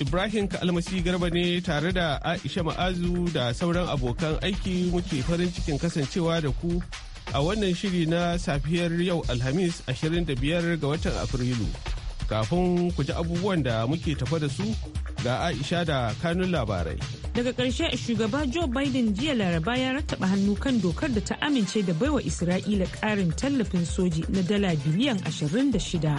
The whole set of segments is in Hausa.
Ibrahim Kalmasi Garba ne tare da Aisha Ma'azu da sauran abokan aiki muke farin cikin kasancewa da ku a wannan shiri na safiyar yau Alhamis 25 ga watan Afrilu. Kafin ku ji abubuwan da muke tafa da su ga Aisha da kanun labarai. Daga ƙarshe shugaba Joe Biden jiya laraba ya rattaba hannu kan dokar da ta amince da baiwa Isra'ila ƙarin tallafin soji na dala biliyan 26.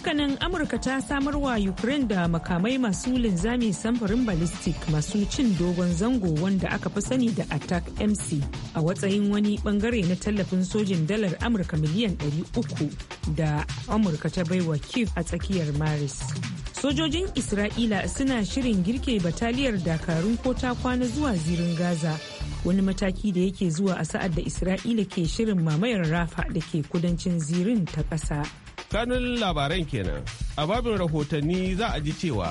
hakanan amurka ta samar wa ukraine da makamai masu linzami samfurin ballistic masu cin dogon zango wanda aka fi sani da attack mc a watsayin wani bangare na tallafin sojin dalar amurka miliyan 300 da amurka ta baiwa kiev a tsakiyar maris sojojin isra'ila suna shirin girke bataliyar dakarun ko ta kwana zuwa zirin gaza wani mataki da yake zuwa a sa'ad da isra'ila ke shirin mamayar rafa da ke kudancin zirin ta ƙasa. kanun labaran kenan a babin rahotanni za a ji cewa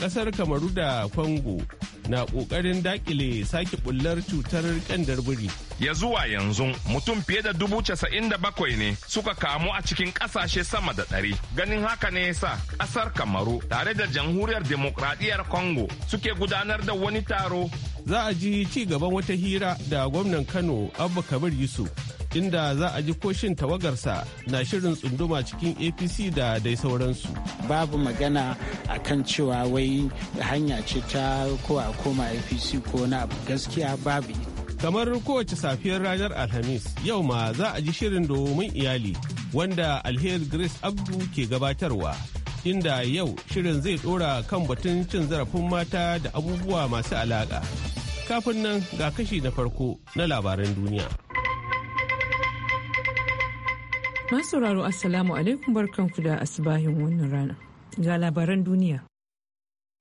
kasar kamaru da kwango na ƙoƙarin dakile sake bullar cutar kandar biri ya zuwa yanzu mutum fiye da dubu casa'in da bakwai ne suka kamu a cikin ƙasashe sama da ɗari ganin haka ne yasa ƙasar kamaru tare da jamhuriyar demokradiyyar Kongo, suke gudanar da wani taro za a ji ci gaban wata hira da gwamnan kano abba kabir yusuf inda za a ji koshin tawagarsa na shirin tsunduma cikin apc da dai sauransu babu magana a kan cewa wai hanya ce ta ko koma apc ko na gaskiya babu kamar kowace safiyar ranar alhamis yau ma za a ji shirin domin iyali wanda alheri grace abdu ke gabatarwa inda yau shirin zai dora kan batun cin zarafin mata da abubuwa masu alaƙa kafin nan ga kashi na farko na labaran duniya Masu sauraro Assalamu alaikum barkanku da asibahin wannan rana. Ga labaran duniya.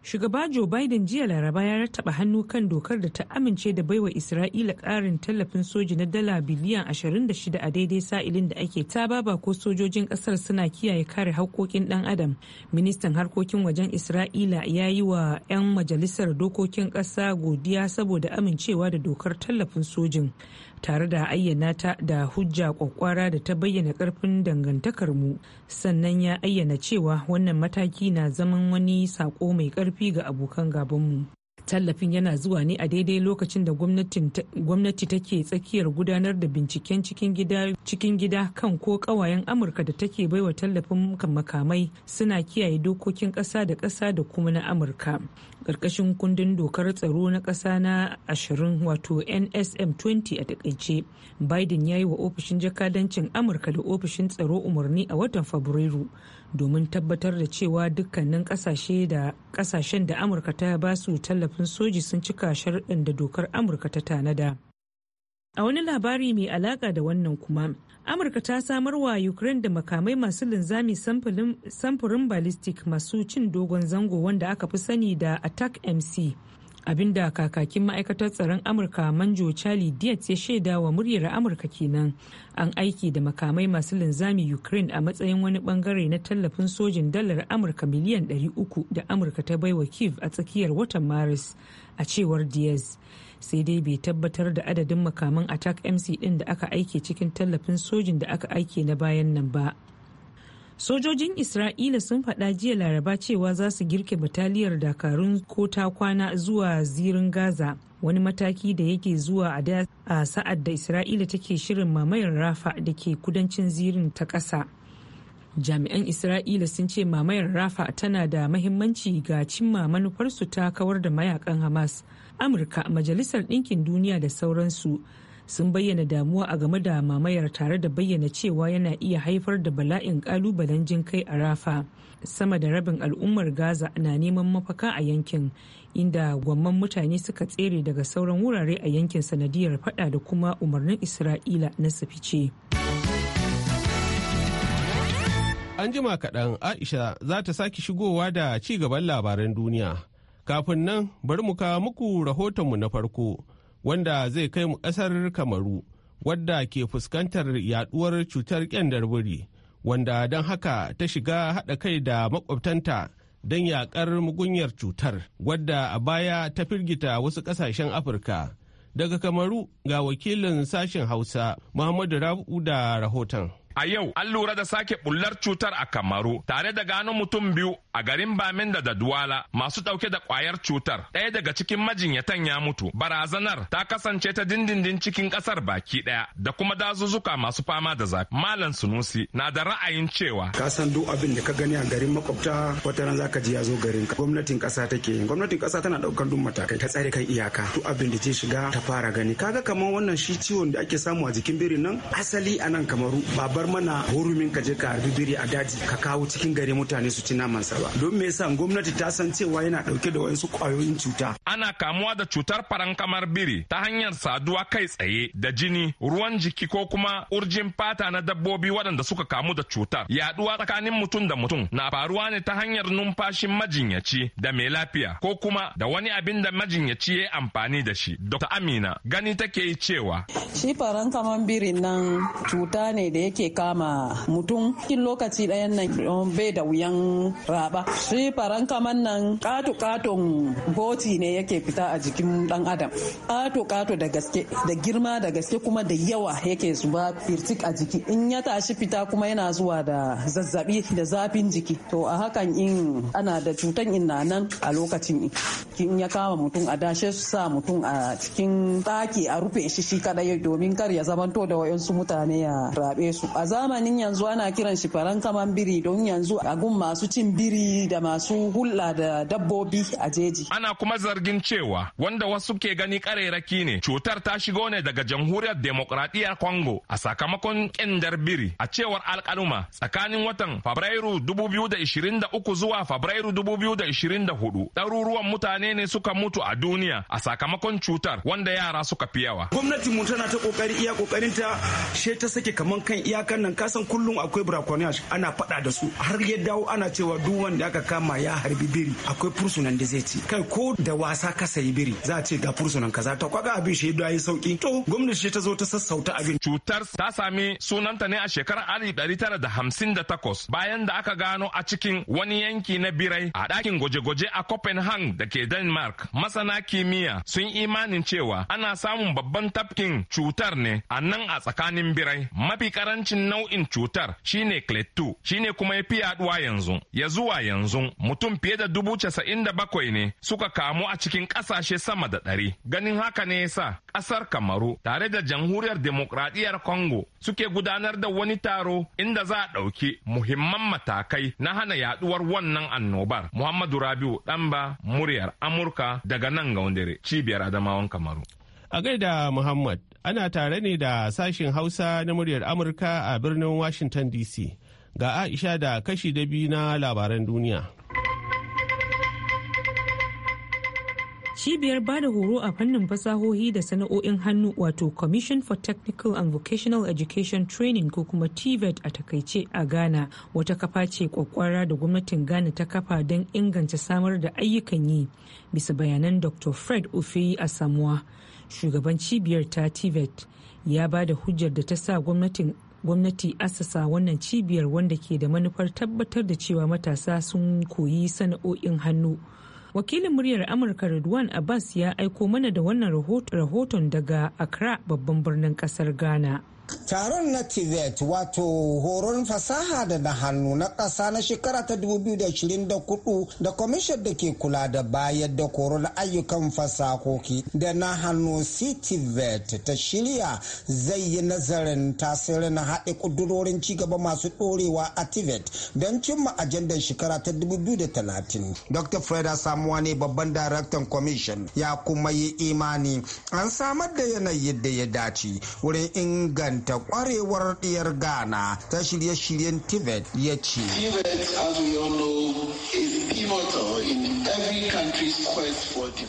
Shugaba Joe Biden jiya Laraba ya rattaba hannu kan dokar da ta amince da baiwa Isra'ila ƙarin tallafin soji na dala biliyan 26 a daidai sa'ilin da ake ta baba ko sojojin ƙasar suna kiyaye kare haƙƙoƙin ɗan adam. Ministan harkokin wajen Isra'ila ya yi wa 'yan majalisar dokokin ƙasa godiya saboda amincewa da dokar tallafin sojin. tare da ayyana ta da hujja kwakwara da ta bayyana karfin mu sannan ya ayyana cewa wannan mataki na zaman wani sako mai karfi ga abokan gabanmu tallafin yana zuwa ne a daidai lokacin da gwamnati take tsakiyar gudanar da binciken cikin gida kan ko kawayen amurka da take baiwa tallafin makamai suna kiyaye dokokin ƙasa da ƙasa da kuma na amurka ƙarƙashin kundin dokar tsaro na ƙasa na 20 wato nsm 20 a takaice biden ya yi wa ofishin jakadancin amurka da ofishin tsaro umarni a watan fabrairu domin tabbatar da cewa dukkanin kasashen da amurka ta ba su tallafin soji sun cika sharɗin da dokar amurka ta tanada a wani labari mai alaƙa da wannan kuma amurka ta samar wa ukraine da makamai masu linzami samfurin ballistic masu cin dogon zango wanda aka fi sani da attack mc abinda kakakin ma'aikatar tsaron amurka manjo charlie diaz ya shaida wa muryar amurka kenan an aiki da makamai masu linzami ukraine a matsayin wani bangare na tallafin sojin dalar amurka miliyan 300 da amurka ta baiwa kiev a tsakiyar watan maris a cewar diaz sai dai bai tabbatar da adadin makaman attack mc din da aka aike cikin tallafin sojin da aka aike na bayan nan ba sojojin isra'ila sun faɗa jiya laraba cewa za su girke bataliyar dakarun ko ta kwana zuwa zirin gaza wani mataki da yake zuwa a da sa'ad da isra'ila take shirin mamayar rafa da ke kudancin zirin ta ƙasa jami'an isra'ila sun ce mamayar rafa tana da mahimmanci ga cimma manufarsu ta kawar da mayakan hamas amurka majalisar ɗinkin duniya da sauransu sun bayyana damuwa a game da mamayar tare da bayyana cewa yana iya haifar da bala'in kalubalen jin kai a rafa sama da rabin al'ummar gaza na neman mafaka a yankin inda gwamman mutane suka tsere daga sauran wurare a yankin sanadiyar fada da kuma umarnin isra'ila na su fice an jima kaɗan aisha za ta sake shigowa da ci gaban labaran duniya kafin nan bari mu kawo muku rahotonmu na farko wanda zai kai mu ƙasar kamaru wadda ke fuskantar yaduwar cutar kyandar wuri wanda don haka ta shiga haɗa kai da makwabtanta don yaƙar mugunyar cutar wadda a baya ta firgita wasu ƙasashen afirka daga kamaru ga wakilin sashen hausa muhammadu rabu da rahoton A yau an lura da sake bullar cutar a Kamaru tare da gano mutum biyu a garin bamin da Duwala masu dauke da kwayar cutar. Ɗaya daga cikin majinyatan ya mutu. Barazanar ta kasance ta dindindin cikin ƙasar baki ɗaya da kuma dazuzzuka masu fama da zafi. Malam Sunusi na da ra'ayin cewa. Ka san duk abin da ka gani a garin makwabta wata ran zaka ji ya zo garin ka. Gwamnatin ƙasa take yin. Gwamnatin ƙasa tana ɗaukar duk matakai ta tsare kan iyaka. Duk abin da ke shiga ta fara gani. Kaga kamar wannan shi ciwon da ake samu a jikin birin nan asali a nan Kamaru babar bar mana hurumin ka je ka harbi a daji ka kawo cikin gari mutane su ci naman sa ba don me yasa gwamnati ta san cewa yana dauke da wayansu kwayoyin cuta ana kamuwa da cutar farankamar biri ta hanyar saduwa kai tsaye da jini ruwan jiki ko kuma urjin fata na dabbobi waɗanda suka kamu da cutar yaduwa tsakanin mutum da mutum na faruwa ne ta hanyar numfashin majinyaci da mai lafiya ko kuma da wani abin da majinyaci ya amfani da shi dr amina gani take yi cewa shi farankamar biri nan cuta ne da yake kama mutum cikin lokaci ɗayan nan um, bai da wuyan raba shi faran kaman nan ƙato ƙaton boti ne yake fita a jikin ɗan adam ƙato ƙato da gaske da girma da gaske kuma da yawa yake zuba firtik a jiki in ya tashi fita kuma yana zuwa da zazzabi da zafin jiki to a hakan in ana da cutan inna nan a lokacin in ya kama mutum a dashe su sa mutum a cikin ɗaki a rufe shi shi kadai domin kar ya zamanto da wayansu mutane ya rabe su a a zamanin yanzu ana kiran shi faran kaman biri don yanzu a gun masu cin biri da masu hulɗa da dabbobi a jeji. Ana kuma zargin cewa wanda wasu ke gani kareraki ne cutar ta shigo ne daga jamhuriyar demokradiyyar kongo a sakamakon kendar biri a cewar alkaluma tsakanin watan Fabrairu 2023 zuwa Fabrairu 2024 ɗaruruwan mutane ne suka mutu a duniya a sakamakon cutar wanda yara suka fi yawa. Gwamnatin mu tana ta kokari iya kokarin ta she ta sake kaman kan iyaka kan nan kasan kullum akwai braconnage ana faɗa da su har ya dawo ana cewa duk wanda aka kama ya harbi biri akwai fursunan da zai ci kai ko da wasa ka sayi biri za a ce ga fursunan kaza ta kwaga abin shi da yi sauki to gwamnati ta zo ta sassauta abin cutar ta sami sunanta ne a shekarar alif ɗari da hamsin da takwas bayan da aka gano a cikin wani yanki na birai a dakin gwaje-gwaje a copenhagen da ke denmark masana kimiyya sun imanin cewa ana samun babban tafkin cutar ne a nan a tsakanin birai mafi karancin nau'in cutar shine kletto shine kuma ya fi yaduwa yanzu ya zuwa yanzu mutum fiye da dubu casa'in da bakwai ne suka kamu a cikin ƙasashe sama da ɗari ganin haka ne yasa ƙasar kamaru tare da jamhuriyar demokradiyyar congo suke gudanar da wani taro inda za a ɗauki muhimman matakai na hana yaduwar wannan annobar muhammadu rabiu ɗanba muryar amurka daga nan ga cibiyar adamawan kamaru a gaida muhammad Ana tare ne da sashin Hausa na muryar Amurka a birnin Washington DC. Ga Aisha da kashi da biyu na labaran duniya. Cibiyar ba da horo a fannin fasahohi da sana'o'in hannu wato Commission for Technical and Vocational Education Training ko kuma TVET e a takaice a Ghana wata kafa ce kwakwara da gwamnatin Ghana ta kafa don inganta samar da ayyukan yi bisa bayanan Dr. Fred Ofeyi a Samuwa. shugaban cibiyar ta tibet e ya ba da hujjar da ta sa gwamnati asasa wannan cibiyar wanda ke da manufar tabbatar da cewa matasa sun koyi sana'o'in hannu wakilin muryar amurka redwan abbas ya aiko mana da wannan rahoton daga accra babban birnin kasar ghana Taron na tibet wato horon fasaha da na hannu na ƙasa na shekara ta 2024 da kwamishin da ke kula da bayar da horon ayyukan fasahoki da na hannu CTVET ta shirya zai yi nazarin tasirin haɗe ƙudurorin cigaba masu ɗorewa a tibet don cimma ajandar shekara ta 2030. Dr. Freda Samuwa ne babban daraktan kwamishin ya kuma yi imani an samar da yanayi da ya dace wurin inganta inganta kwarewar ɗiyar ghana ta shirye-shiryen tibet ya ce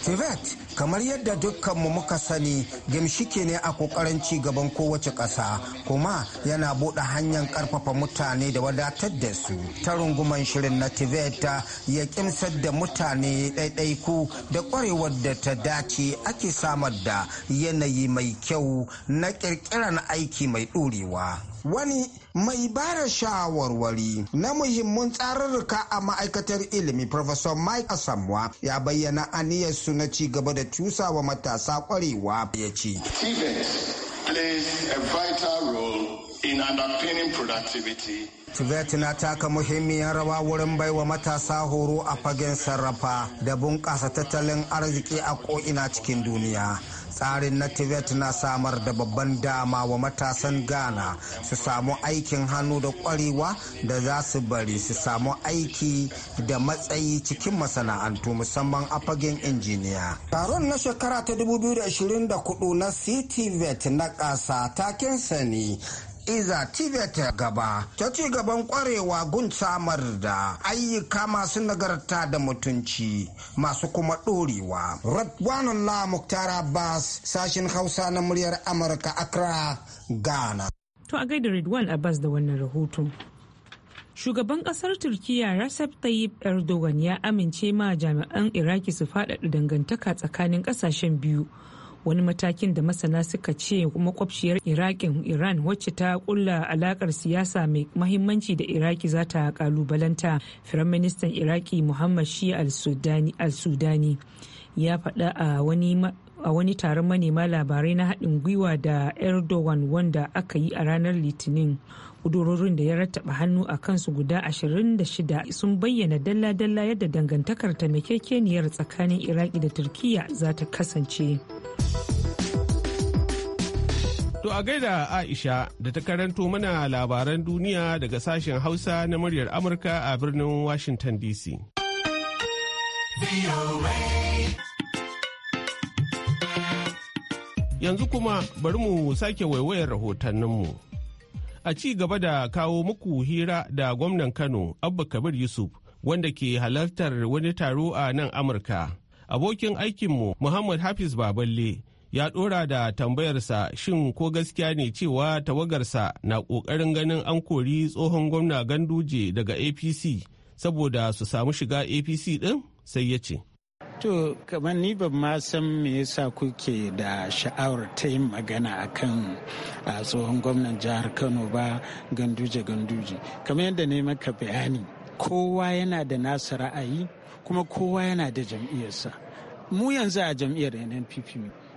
tibet kamar yadda dukkanmu muka sani gimshike ne a kokarin ci gaban kowace ƙasa kuma yana buɗe hanyar ƙarfafa mutane da wadatar da su ta runguman shirin na tibet ya kimsar da mutane ɗaiɗaiku da ƙwarewar da ta dace ake samar da yanayi mai kyau na ƙirƙirar aiki aiki mai ɗorewa. Wani mai bara shawarwari na muhimmin tsararruka a ma'aikatar ilimi Professor Mike Asamwa ya bayyana aniyarsu na ci gaba da cusawa matasa kwarewa ya ce. plays na taka muhimmiyar rawa wurin baiwa matasa horo a fagen sarrafa da bunƙasa tattalin arziki a ko'ina cikin duniya. tsarin na tibet na samar da babban dama wa matasan ghana su samu aikin hannu da kwarewa da za su bari su samu aiki da matsayi cikin masana'antu musamman a fagen injiniya taron na shekara ta 2024 na city vet na ƙasa takinsa ne iza tibet gaba ta ci gaban kwarewa gun samar da ayyuka masu nagarta da mutunci masu kuma ɗorewa. la Muktar Abbas sashin Hausa na muryar Amurka Accra, Ghana. To a gaida Ridwan Abbas da wannan rahoto. Shugaban kasar turkiya Recep Tayyip Erdogan ya amince ma jami'an Iraki su faɗaɗa dangantaka tsakanin ƙasashen biyu. wani matakin da masana suka ce makwabciyar irakin iran wacce ta kulla alakar siyasa mai mahimmanci da iraki za ta kalubalanta firaministan iraki muhammad shi al-sudani ya faɗa a wani a wani taron manema labarai na haɗin gwiwa da erdogan wanda aka yi a ranar litinin kudurorin da ya rattaba hannu a kansu guda 26 sun bayyana dalla-dalla yadda dangantakar taimakekeniyar tsakanin iraki da turkiya za ta kasance to a gaida aisha da ta karanto mana labaran duniya daga sashen hausa na muryar amurka a birnin washington dc yanzu kuma bari mu sake waiwayar rahotanninmu. a ci gaba da kawo muku hira da gwamnan kano abba kabir yusuf wanda ke halartar wani taro a nan amurka abokin aikinmu muhammad hafiz baballe ya ɗora da tambayarsa shin ko gaskiya ne cewa tawagarsa na ƙoƙarin ganin an kori tsohon gwamna ganduje daga apc saboda su samu shiga apc ɗin sai ya ce To, kamar ni ban ma san me yasa kuke da sha'awar ta yin magana a kan tsohon gwamnan jihar Kano ba ganduje ganduje. Kamar yadda ne maka bayani, kowa yana da nasa ra'ayi kuma kowa yana da jam'iyyarsa. Mu yanzu a jam'iyyar NNPP.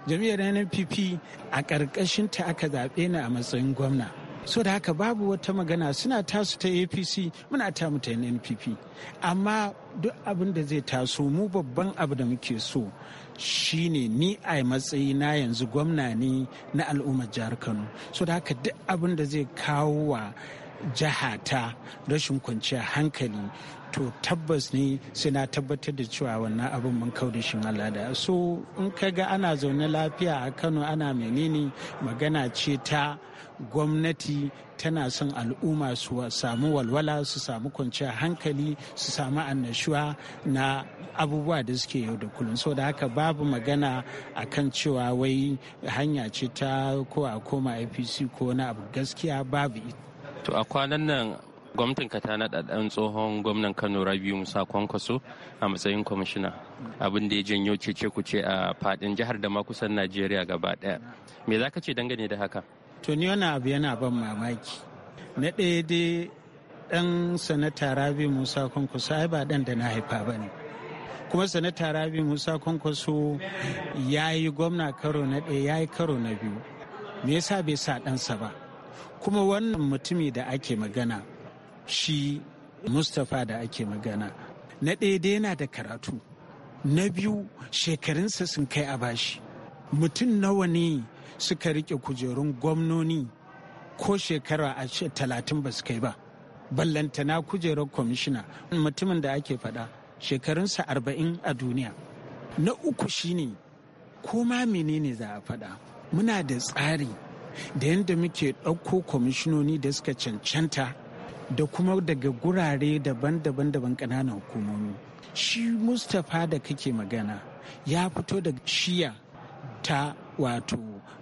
Jam'iyyar NNPP a ƙarƙashinta aka zaɓe ni a matsayin gwamna. so da haka babu wata magana suna tasu ta apc muna ta mu npp amma duk abin da zai taso mu babban abu da muke so shine ni a matsayi na yanzu gwamna ne na al'ummar jihar kano so da haka duk abin da zai kawo wa jiha ta rashin kwanciyar hankali to tabbas ne sai na tabbatar da cewa wannan abin mun kau da shin Allah so in ka ga ana zaune lafiya a Kano ana menene magana ce ta gwamnati tana son al'umma su samu walwala su samu kwanciyar hankali su samu annashuwa na abubuwa da suke yau da kullum so da haka babu magana a kan cewa wai hanya ce ta ko a koma apc ko wani abu gaskiya babu To a kwanan nan gwamnatin ka ta naɗa ɗan tsohon gwamnan Kano Rabiu Musa Kwankwaso a matsayin kwamishina. Abin da ya janyo cece kuce a faɗin jihar da ma kusan Najeriya gaba ɗaya. Me za ka ce dangane da haka? To ni wani abu yana ban mamaki. Na ɗaya dai ɗan sanata Rabi Musa Kwankwaso ai ba ɗan da na haifa ba ne. kuma sanata rabi musa kwankwaso ya yi gwamna karo na ɗaya ya yi karo na biyu me yasa bai sa ɗansa ba kuma wannan mutumi da ake magana shi mustapha da ake magana na ɗaya dai yana da karatu na biyu shekarunsa sun kai a bashi mutum nawa ne suka rike kujerun gwamnoni ko shekara a talatin ba su kai ba ballantana kujerar kwamishina mutumin da ake faɗa shekarunsa arba'in a duniya na uku shine ko ma menene za a faɗa muna da tsari da yadda muke ɗauko kwamishinoni da suka cancanta da kuma daga gurare daban-daban daban ƙananan hukumomi shi mustapha da kake magana ya fito da shiya ta wato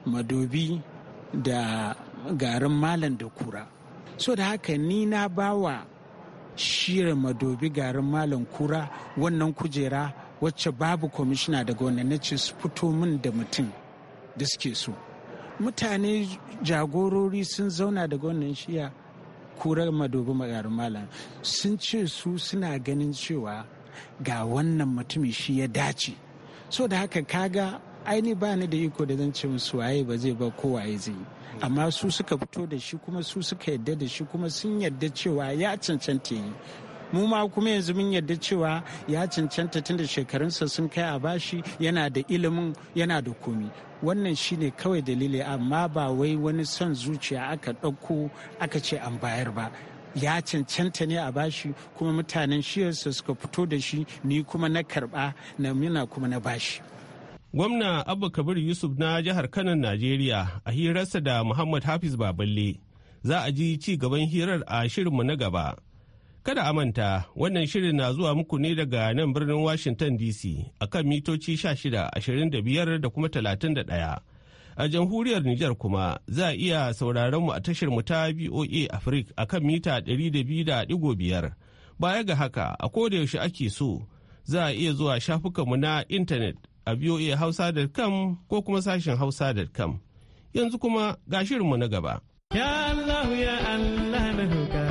madobi da garin malam da kura so da haka ni na bawa shira madobi garin malam kura wannan kujera wacce babu kwamishina daga wannan na ce su fito min da mutum da suke so mutane jagorori sun zauna da gwamnan shiya kurar madobi magarin malam sun ce su suna ganin cewa ga wannan mutumin shi ya dace so da haka kaga aini ba ni da iko da zan ce musu waye ba zai ba ko waye zai amma su suka fito da shi kuma su suka yadda da shi kuma sun yadda cewa ya cancanta yi mu ma kuma yanzu mun yarda cewa ya cancanta tunda shekarunsa sun kai a bashi yana da ilimin yana da komi wannan shine kawai dalili amma ba wai wani son zuciya aka ɗauko aka ce an bayar ba ya cancanta ne a bashi kuma mutanen shiyarsa suka fito da shi ni kuma na karba na mina kuma na bashi gwamna abba kabir yusuf na jihar kanan najeriya a hirarsa da muhammad hafiz baballe za a ji ci gaban hirar a shirinmu na gaba Kada a manta wannan shirin na zuwa muku ne daga nan birnin Washington DC akan mitoci 16, 25 da kuma 31. a jamhuriyar Nijar kuma za a iya sauraron mu a tashar mu ta VOA Africa a kan mita 200.5. Baya ga haka a kodayaushe yaushe ake so za a iya zuwa shafukanmu na intanet a voahausa.com ko kuma sashen hausa.com. Yanzu kuma ga shirinmu na gaba. Ya Allah ya Allah na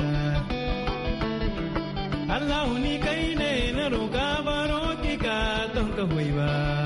Allah ni kai ne na roƙa baro ki ka don ka ba.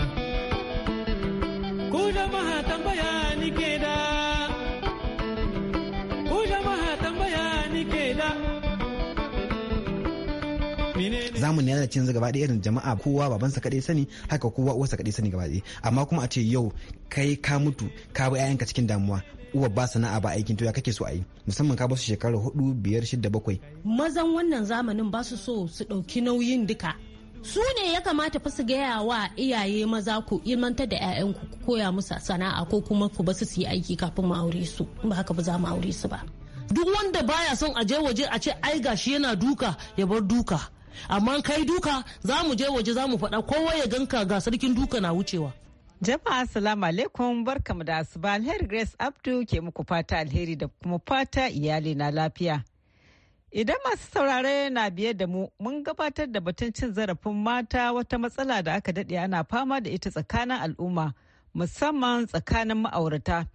namun ya lalace yanzu gaba ɗaya irin jama'a kowa babansa kaɗai sani haka kowa uwarsa kaɗai sani gaba ɗaya amma kuma a ce yau kai ka mutu ka bi 'ya'yanka cikin damuwa uwa ba sana'a ba aikin to ya kake so a yi musamman ka basu shekara hudu biyar shida bakwai. mazan wannan zamanin ba su so su ɗauki nauyin duka su ne ya kamata fa su gaya wa iyaye maza ku ilmantar da 'ya'yanku ku koya musu sana'a ko kuma ku basu su yi aiki kafin mu aure su ba haka ba za mu aure su ba duk wanda baya son aje waje a ce ai gashi yana duka ya bar duka amma kai duka za mu je waje za mu faɗa kowa ya ganka ga sarkin duka na wucewa Jama'a salamu alaikum barkamu da asuba alheri Grace Abdu ke muku fata alheri da kuma fata iyali na lafiya. Idan masu saurare na biye da mu mun gabatar da batun cin zarafin mata wata matsala da aka daɗe ana fama da ita tsakanin al'umma musamman tsakanin ma'aurata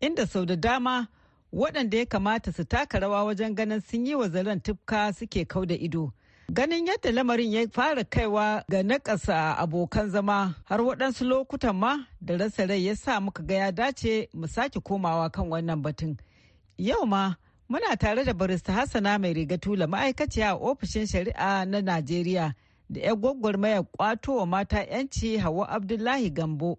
inda sau da dama waɗanda ya kamata su taka rawa wajen ganin sun yi wa zaren tufka suke kau da ido. Ganin yadda lamarin ya fara kaiwa ga nakasa abokan zama har waɗansu lokutan ma da rasa rai ya sa muka ga ya dace mu sake komawa kan wannan batun. Yau ma muna tare da barista Hassana mai riga tula ma'aikaciya a ofishin shari'a na Najeriya da 'yan maya kwato wa mata 'yanci Hawa Abdullahi Gambo.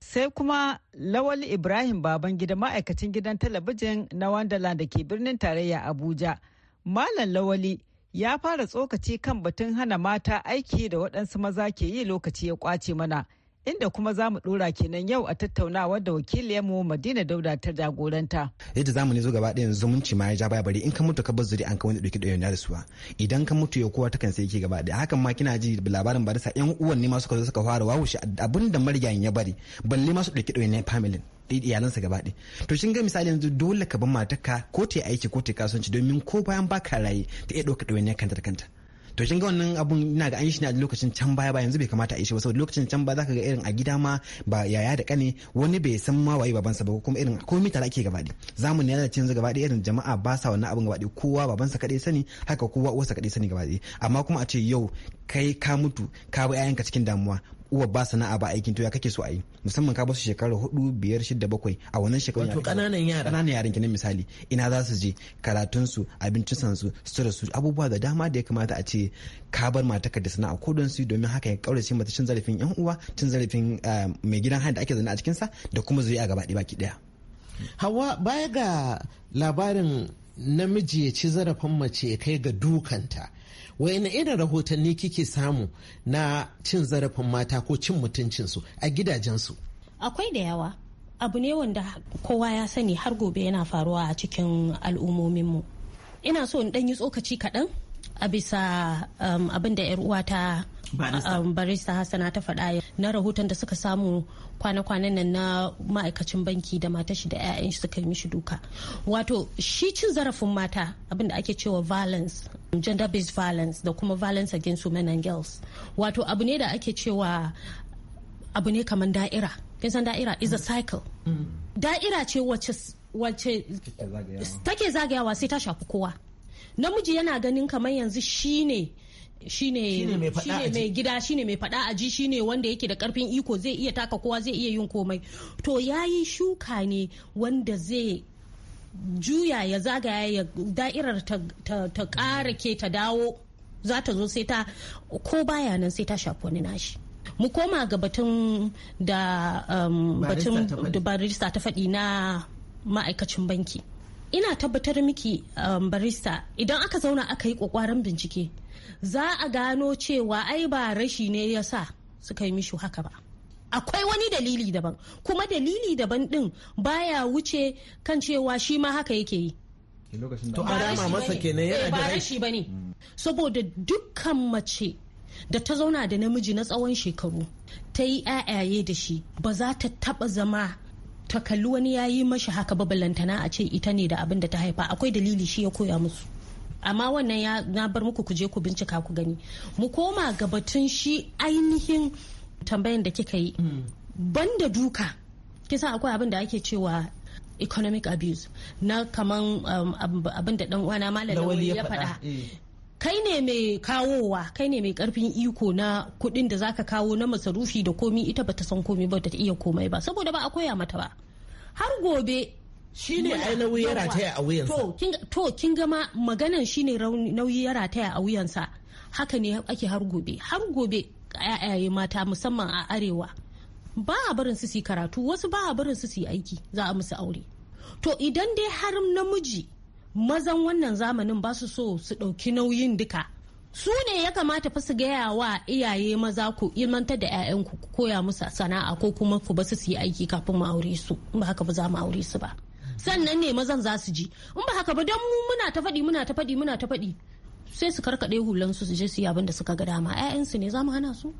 Sai kuma lawali Ibrahim Babangida ma'aikacin gidan talabijin na wanda da ke birnin tarayya Abuja. Malam Lawali. ya fara tsokaci kan batun hana mata aiki da waɗansu maza ke yi lokaci ya kwace mana inda kuma za mu ɗora kenan yau a tattaunawa da wakiliyarmu madina dauda ta jagoranta yadda zamu ne zo gaba ɗaya zumunci ma ya ja baya bari in ka mutu ka bar zuri an ka wani ɗauki ɗayan da suwa idan ka mutu ya kowa takan sai yake gaba ɗaya hakan ma kina ji labarin ba da sa yan uwan ne ma suka zo suka fara wahushi abin da marigayin ya bari balle ma su ɗauki ɗayan family iyalansa gaba ɗaya to shin ga misali yanzu dole ka bar matarka ko ta aiki ko ta kasuwanci domin ko bayan baka raye ta iya ɗauka ɗawainiyar kanta da kanta to shin ga wannan abun ina ga an shi ne a lokacin can baya ba yanzu bai kamata a yi shi ba saboda lokacin can baya ka ga irin a gida ma ba yaya da kane wani bai san ma waye babansa ba kuma irin komai tare ake gaba zamani yana cin gaba irin jama'a ba sa wannan abun gaba kowa babansa kadai sani haka kowa uwarsa kadai sani gaba amma kuma a ce yau kai ka mutu ka bi yayanka cikin damuwa uwa ba sana'a ba aikin to kake so a yi musamman ka basu shekara hudu biyar shida bakwai a wannan shekaru wato kananan yara kananan yaran kenan misali ina za su je karatun su abincin san su su abubuwa da dama da ya kamata a ce ka bar ka da sana'a ko don su domin haka ya kaurace mata cin zarafin yan uwa cin zarafin eh, mai gidan haya da ake zana a cikin sa da kuma zuri'a a gaba ɗaya baki daya hawa baya ga labarin namiji ya ci zarafin mace ya kai ga dukanta wayanne irin rahoton rahotanni kike samu na cin zarafin mata ko cin mutuncinsu a gidajensu akwai da yawa abu ne wanda kowa ya sani har gobe yana faruwa a cikin al'ummominmu ina so in ɗan yi tsokaci kaɗan a bisa um, abin da 'yar uwata barista, um, barista hassana ta faɗa na rahoton da suka samu kwana-kwanan nan na ma'aikacin banki da mata shi da 'ya'yan shi suka yi mishi duka wato shi cin zarafin mata abin da ake cewa violence gender based violence da kuma violence against women and girls wato abu ne da ake cewa abu ne kamar da'ira kin san da'ira is a cycle da'ira ce wacce wacce take zagayawa sai ta shafi kowa namiji yana ganin kamar yanzu shine shine mai gida shine mai fada aji shine wanda yake da karfin iko zai iya taka kowa zai iya yin komai to yayi shuka ne wanda zai juya ya zagaya ya da'irar ta kara ke ta dawo za ta zo sai ta ko baya nan sai ta shafi wani nashi mu koma ga batun da um, batun barista ta faɗi na ma'aikacin banki ina tabbatar miki um, barista idan aka zauna aka yi kwakwaran bincike za a gano cewa ai ba rashi ne ya sa suka yi mishi haka ba akwai wani dalili daban kuma dalili daban din baya wuce kan cewa shi ma haka yake yi to eh, da mm. saboda dukkan mace da ta zauna da namiji na tsawon shekaru ta yi ayaye da shi ba za ta taba zama ta kalli wani yayi mashi haka ba balantana a ce ita ne da abin da ta haifa akwai dalili shi ya koya musu amma wannan ya na bar muku kuje ku bincika ku gani mu koma ga batun shi ainihin tambayan da kika yi hmm. banda duka kisa akwai abin da ake cewa economic abuse na kaman um, abin da dan uwana malam ya faɗa eh. kai ne mai kawowa kai ne mai karfin iko na kudin da zaka kawo na masarufi da komi ita bata san komi ba ta iya komai ba saboda ba a koya mata ba har gobe shi ne ai nauyi ya rataya a wuyansa to kin gama maganan shi ne nauyi ya rataya a wuyansa haka ne ake har gobe har gobe yayaye mata musamman a arewa ba a barin su karatu wasu ba a barin su aiki za a musu aure to idan dai har namiji mazan wannan zamanin ba su so su ɗauki nauyin duka su ne ya kamata fa su gaya wa iyaye maza ku ilmantar da 'ya'yanku ku koya musu sana'a ko kuma ku basu su yi aiki kafin mu aure su ba haka ba za mu aure su ba sannan ne mazan za su ji in ba haka ba don mu muna ta faɗi muna ta faɗi muna ta faɗi sai su karkaɗe hulan su su je su yi abin da suka ga dama ƴaƴansu ne za mu hana su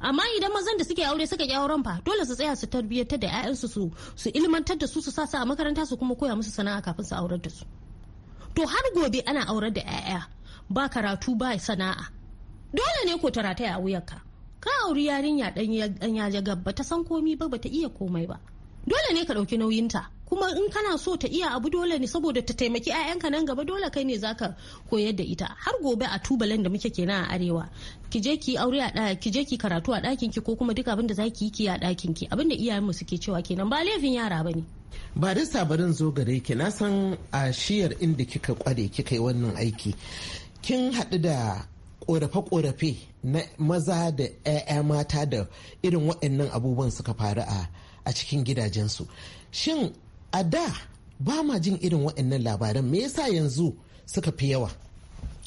amma idan mazan da suke aure suka ƙi auren fa dole su tsaya su tarbiyyantar da ƴaƴansu su su ilmantar da su su sa su a makaranta su kuma koya musu sana'a kafin su aurar da su to har gobe ana aurar da ƴaƴa ba karatu ba sana'a dole ne ko tara a wuyarka ka ka auri yarinya dan ya gabba ta san komi ba bata iya komai ba dole ne ka ɗauki nauyinta kuma in kana so ta iya abu dole ne saboda ta taimaki 'ya'yanka nan gaba dole kai ne zaka koyar da ita har gobe a tubalan da muke kenan a arewa ki je ki aure a ki je ki karatu a ɗakin ki ko kuma duk abin da ki yi ki a ɗakin ki abin da iyayenmu suke cewa kenan ba laifin yara ne ba da sabarin zo gare ki na san a shiyar inda kika kware kika yi wannan aiki kin haɗu da korafe-korafe na maza da 'ya'ya mata da irin waɗannan abubuwan suka faru a cikin gidajensu shin a da ba ma jin irin waɗannan labaran me yasa yanzu suka fi yawa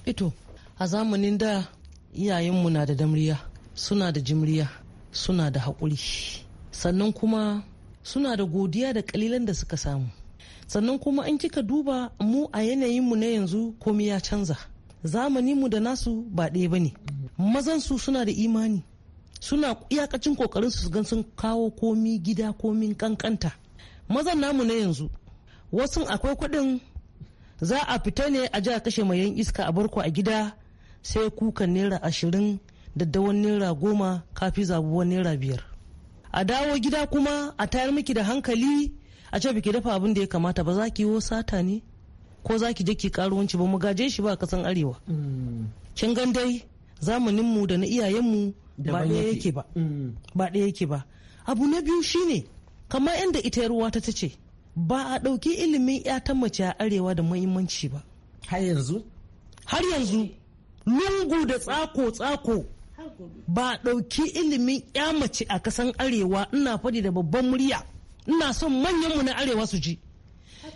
ito a zamanin da iyayenmu na da damriya suna da jimriya suna da haƙuri sannan kuma suna da godiya da ƙalilan da suka samu sannan kuma an kika duba mu a yanayinmu na yanzu komai ya canza zamaninmu da nasu ba ɗaya ba ne mazansu suna da imani suna iyakacin kokarin su gan sun kawo komi gida komin kankanta mazan namu na yanzu wasu akwai kuɗin za a fita ne a ji a kashe mai yan iska a barko a gida sai kukan naira ashirin daddawan naira goma kafi zabuwan naira biyar a dawo gida kuma a tayar miki da hankali a ce biki dafa abin da ya kamata ba za ki yi sata ne ko za ki je ki karuwanci ba mu gaje shi ba kasan arewa kin gan dai zamaninmu da na iyayenmu ba ɗaya yake ba mm. ba ɗaya yake ba abu na biyu shine kamar yadda ita ruwa ta ce ba a ɗauki ilimin ya ta mace a arewa da muhimmanci ba har yanzu har yanzu lungu da tsako tsako ba a ɗauki ilimin ya mace a kasan arewa ina faɗi da babban murya ina son manyanmu na arewa su ji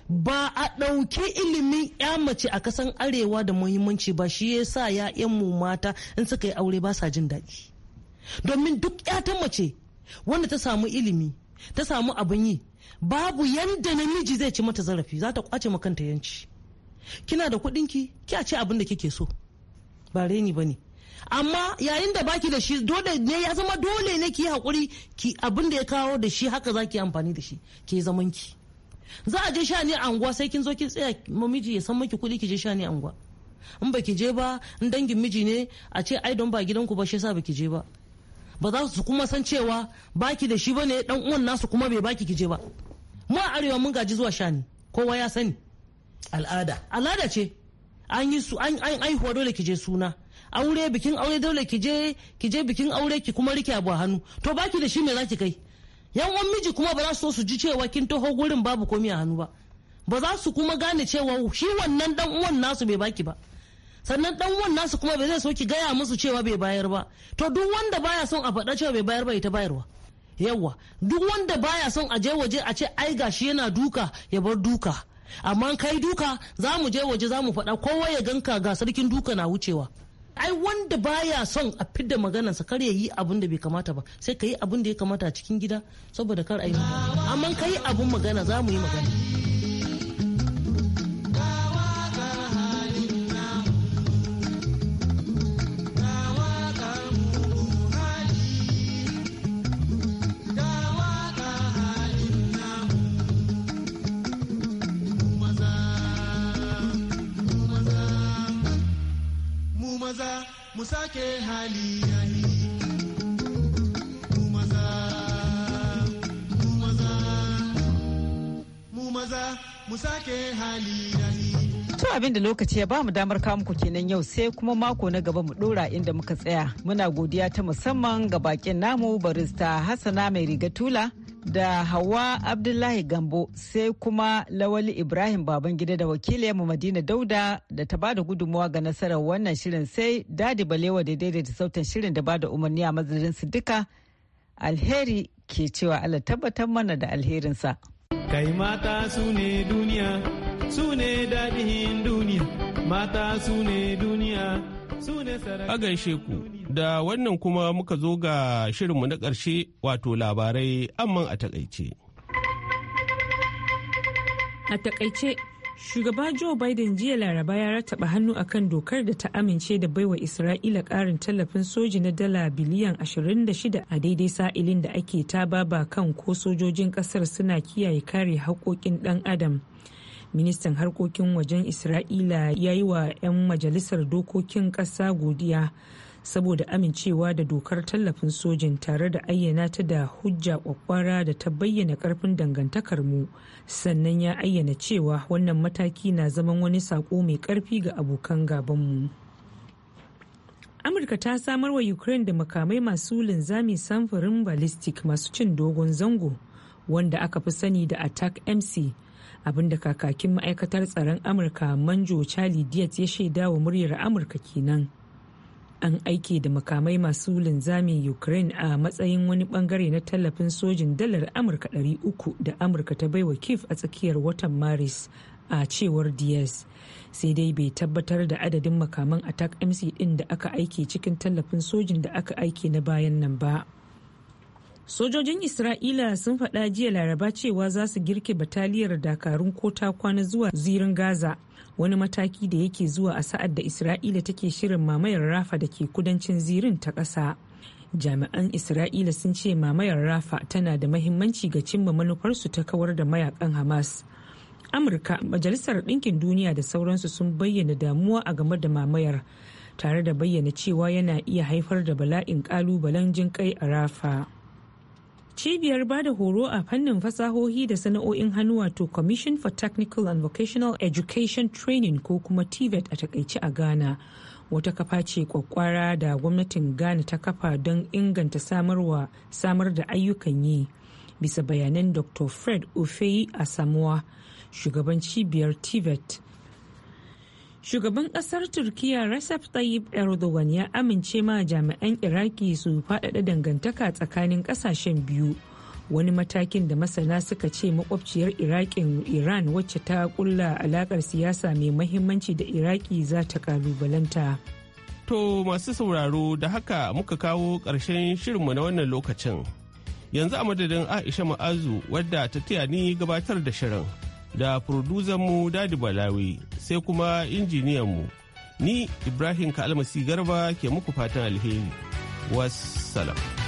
ba a ɗauki ilimin ya mace a kasan arewa da muhimmanci ba shi ya sa mu mata in suka yi aure ba sa jin daɗi domin duk ya ta mace wanda ta samu ilimi ta samu abin yi babu yadda namiji zai ci mata zarafi za ta kwace makanta yanci kina da kuɗin ki a ci abin da kike so ba reni ba ne amma yayin da baki da shi dole ne ya zama dole ne ki yi haƙuri ki abin da ya kawo da shi haka za ki amfani da shi ki zaman ki za a je sha ne anguwa sai kin zo ki tsaya mamiji ya san maki kuɗi ki je sha ne anguwa in baki je ba in dangin miji ne a ce ai don ba gidanku ba shi yasa baki je ba ba za su kuma san cewa baki da shi ne dan uwan nasu kuma bai baki kije ba mu a arewa mun gaji zuwa shani kowa ya sani al'ada al'ada ce an yi su an an aihuwa dole kije suna aure bikin aure dole kije kije bikin aure ki kuma rike abu a hannu to baki da shi me zaki kai yan uwan miji kuma ba za su so su ji cewa kin taho gurin babu komi a hannu ba ba za su kuma gane cewa shi wannan dan uwan nasu bai baki ba sannan dan wan nasu kuma bai zai so ki gaya musu cewa bai bayar ba to duk wanda baya son a faɗa cewa bai bayar ba ita bayarwa yawa duk wanda baya son a je waje a ce ai gashi yana duka ya bar duka amma kai duka za mu je waje za mu faɗa kowa ya ganka ga sarkin duka na wucewa ai wanda baya son a fidda maganarsa kar ya yi abin da bai kamata ba sai ka yi abin da ya kamata a cikin gida saboda kar a yi amma ka yi abin magana za mu yi magana mu sake hali yayi mu maza mu maza mu maza mu hali yayi To abin da lokaci ya mu damar kawo muku kenan yau sai kuma mako na gaba mu dora inda muka tsaya. Muna godiya ta musamman ga bakin namu barista Hassana mai riga tula da Hawa Abdullahi Gambo sai kuma Lawali Ibrahim Babangida da wakiliyar Madina Dauda da ta bada gudunmuwa ga nasarar wannan shirin sai Dadi Balewa da daidaita sautin shirin da bada umarni a madadin su duka alheri ke cewa Allah tabbatar mana da alherinsa. Kai mata su ne duniya, su ne dadihin duniya, mata su ne duniya. A gaishe ku, da wannan kuma muka zo ga shirinmu na ƙarshe wato labarai amma a takaice. A takaice, shugaba Joe Biden jiya laraba ya rataba hannu akan dokar da ta amince da baiwa Isra'ila ƙarin tallafin soji na dala biliyan 26 a daidai sa'ilin da ake ta ba kan ko sojojin ƙasar suna kiyaye kare haƙoƙin ɗan adam. ministan harkokin wajen isra'ila ya yi wa 'yan majalisar dokokin ƙasa godiya saboda amincewa da dokar tallafin sojin tare da ayyana ta da hujja kwakwara da ta bayyana karfin dangantakar mu sannan ya ayyana cewa wannan mataki na zaman wani sako mai karfi ga abokan gabanmu amurka ta samar wa ukraine da makamai masu linzami samfurin ballistic masu cin dogon zango wanda aka fi sani da attack mc abinda kakakin ma'aikatar tsaron amurka manjo charlie diaz ya shaida wa muryar amurka kenan an aike da makamai masu linzamin ukraine a matsayin wani bangare na tallafin sojin dalar amurka 300 da amurka ta baiwa kif a tsakiyar watan maris a cewar diaz sai dai bai tabbatar da adadin makaman attack mc din da aka aike cikin tallafin sojin da aka aiki na bayan nan ba. sojojin isra'ila sun faɗa jiya laraba cewa za su girke bataliyar dakarun kota kwana zuwa zirin gaza wani mataki da yake zuwa a sa'ad da isra'ila take shirin mamayar rafa da ke kudancin zirin ta ƙasa jami'an isra'ila sun ce mamayar rafa tana da mahimmanci ga cimma manufarsu ta kawar da mayakan hamas amurka majalisar ɗinkin duniya da sauransu sun bayyana damuwa a game da mamayar tare da bayyana cewa yana iya haifar da bala'in ƙalubalen jin kai a rafa cibiyar bada horo a fannin fasahohi da sana'o'in hannu wato commission for technical and vocational education training ko kuma tvet e a takaice a ghana wata kafa ce kwakwara da gwamnatin ghana ta kafa don inganta samarwa samar da ayyukan yi bisa bayanan dr fred ofeyi a samuwa shugaban cibiyar tvet shugaban kasar turkiya recep tayyip erdogan ya amince ma jami'an iraki su faɗaɗa dangantaka tsakanin ƙasashen biyu wani matakin da masana suka ce makwabciyar iraƙin iran wacce ta ƙulla alaƙar siyasa mai mahimmanci da iraki za ta kalubalanta to masu sauraro da haka muka kawo ƙarshen shirinmu na wannan lokacin yanzu a madadin aisha ma'azu wadda ta taya ni gabatar da shirin da mu dadi balawi sai kuma injiniyanmu ni ibrahim kalmasi garba ke muku fatan alheri wassalam.